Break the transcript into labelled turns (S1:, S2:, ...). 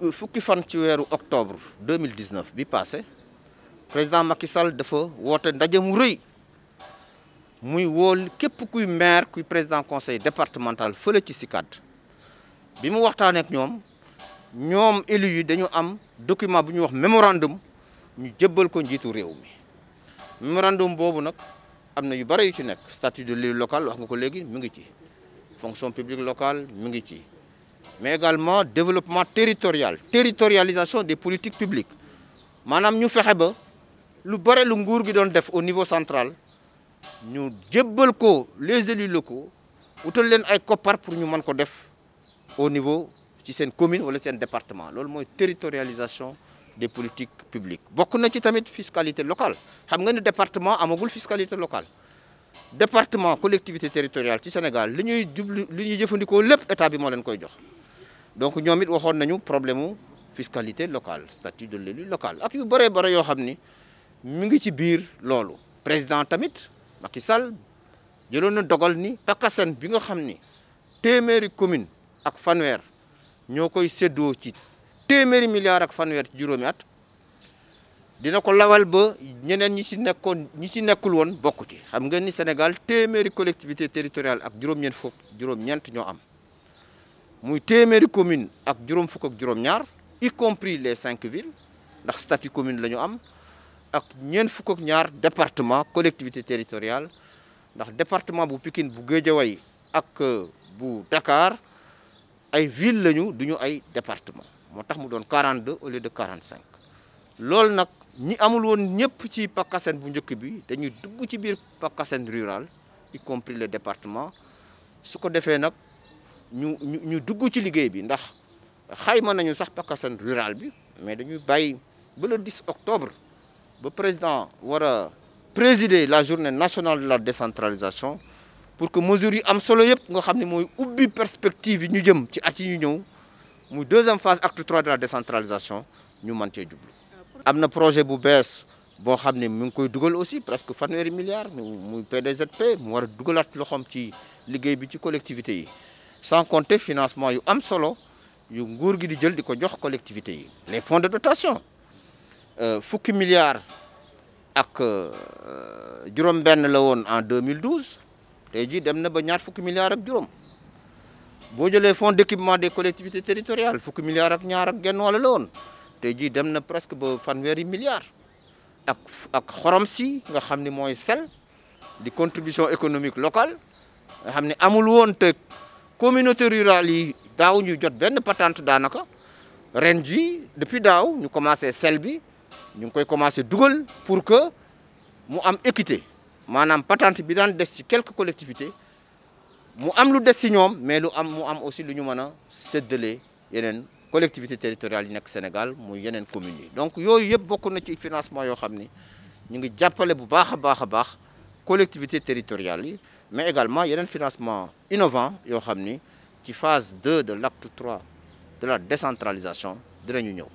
S1: Euh, fukki fan ci weeru octobre 2019 bi passé président Macky Sall dafa woote ndaje mu rëy muy wóol képp kuy maire kuy président conseil départemental fële ci kad bi mu waxtaanee ñoom ñoom élus yi dañu am document bu ñuy wax mémorandum ñu jëbbal ko njiitu réew mi mémorandum boobu nag Nous avons yu le statut de l'élu local wax nga ko fonction publique locale mais également développement territorial territorialisation des politiques publiques Nous ñu fexé ba lu lu au niveau central nous avons ko les élus locaux len ay pour ñu manquer ko def au niveau ci la commune wala un département C'est la territorialisation des politiques publiques Beaucoup na ci tamit fiscalité locale xam nga ne département amagul fiscalité locale département collectivité territoriale ci Sénégal L'Union ñuy jublu li ñuy jëfandikoo lépp état bi moo leen koy jox donc ñoom it nañu problème de fiscalité locale statut de l'élu local ak yu bëree bëri yoo xam ni mi ngi ci biir Le président tamit Macky Sall a na dogal ni pakkasen bi nga xam ni téeméeri commune ak fanweer ñoo koy ci téeméeri milliards ak at dina ko lawal ba ñeneen ñi ci ñi ni Sénégal collectivité territoriale ak commune ak ak y compris les cinq villes ndax statut commune la am ak la ak département collectivité territoriale ndax département bu Pikine bu ak euh, bu Dakar ay ville lañu département motax mu doon 42 au lieu de 45 loolu nak ñi amul won ñepp ci pakassen bu njëkk bi dañuy dugg ci biir pakassen rural y compris le département. su ko defee nak ñu ñu dugg ci liggéey bi ndax xayma nañu sax pakassen rural bi mais dañuy bàyyi ba le 10 octobre le président wara présider la journée nationale de la décentralisation pour que mesure yi am solo yëpp nga xamni moy ubbi perspective yi ñu jëm ci ñu ñëw deuxième phase, acte 3 de la décentralisation, nous avons Il y a un projet qui est en aussi presque 1 milliards. nous avons PDZP, nous avons Dougal et nous avons collectivité. Sans compter le financement, nous avons solo, nous avons de un collectivité. Les fonds de dotation, euh, 1 milliard avec euh, Jérôme en 2012, nous avons eu 2 milliards avec Jérôme. Bonjour les fonds d'équipement des collectivités territoriales Il milliards ak ñaar ak genn wàll la woon presque ba fanweeri milliards ak ak xorom si nga xam ni mooy sel di contribution économique locale nga xam amul communauté rurale yi nous ñu jot benn patente d'anaka. ren depuis ñu commencé Selby, nous avons koy commencé dugal pour que nous am équité Nous patente bi daan des ci quelques collectivités mu am lu des mais lu am mu am aussi lu ñu mëna a yenen collectivité territoriale yi nek Sénégal mu yenen communes donc yooyu yëpp bokk na ci financement yo xamni ni ñu ngi jappalé bu baax collectivité territoriale mais également yenen financement innovant yo xamni ci phase 2 de l'acte 3 de la décentralisation de ñëw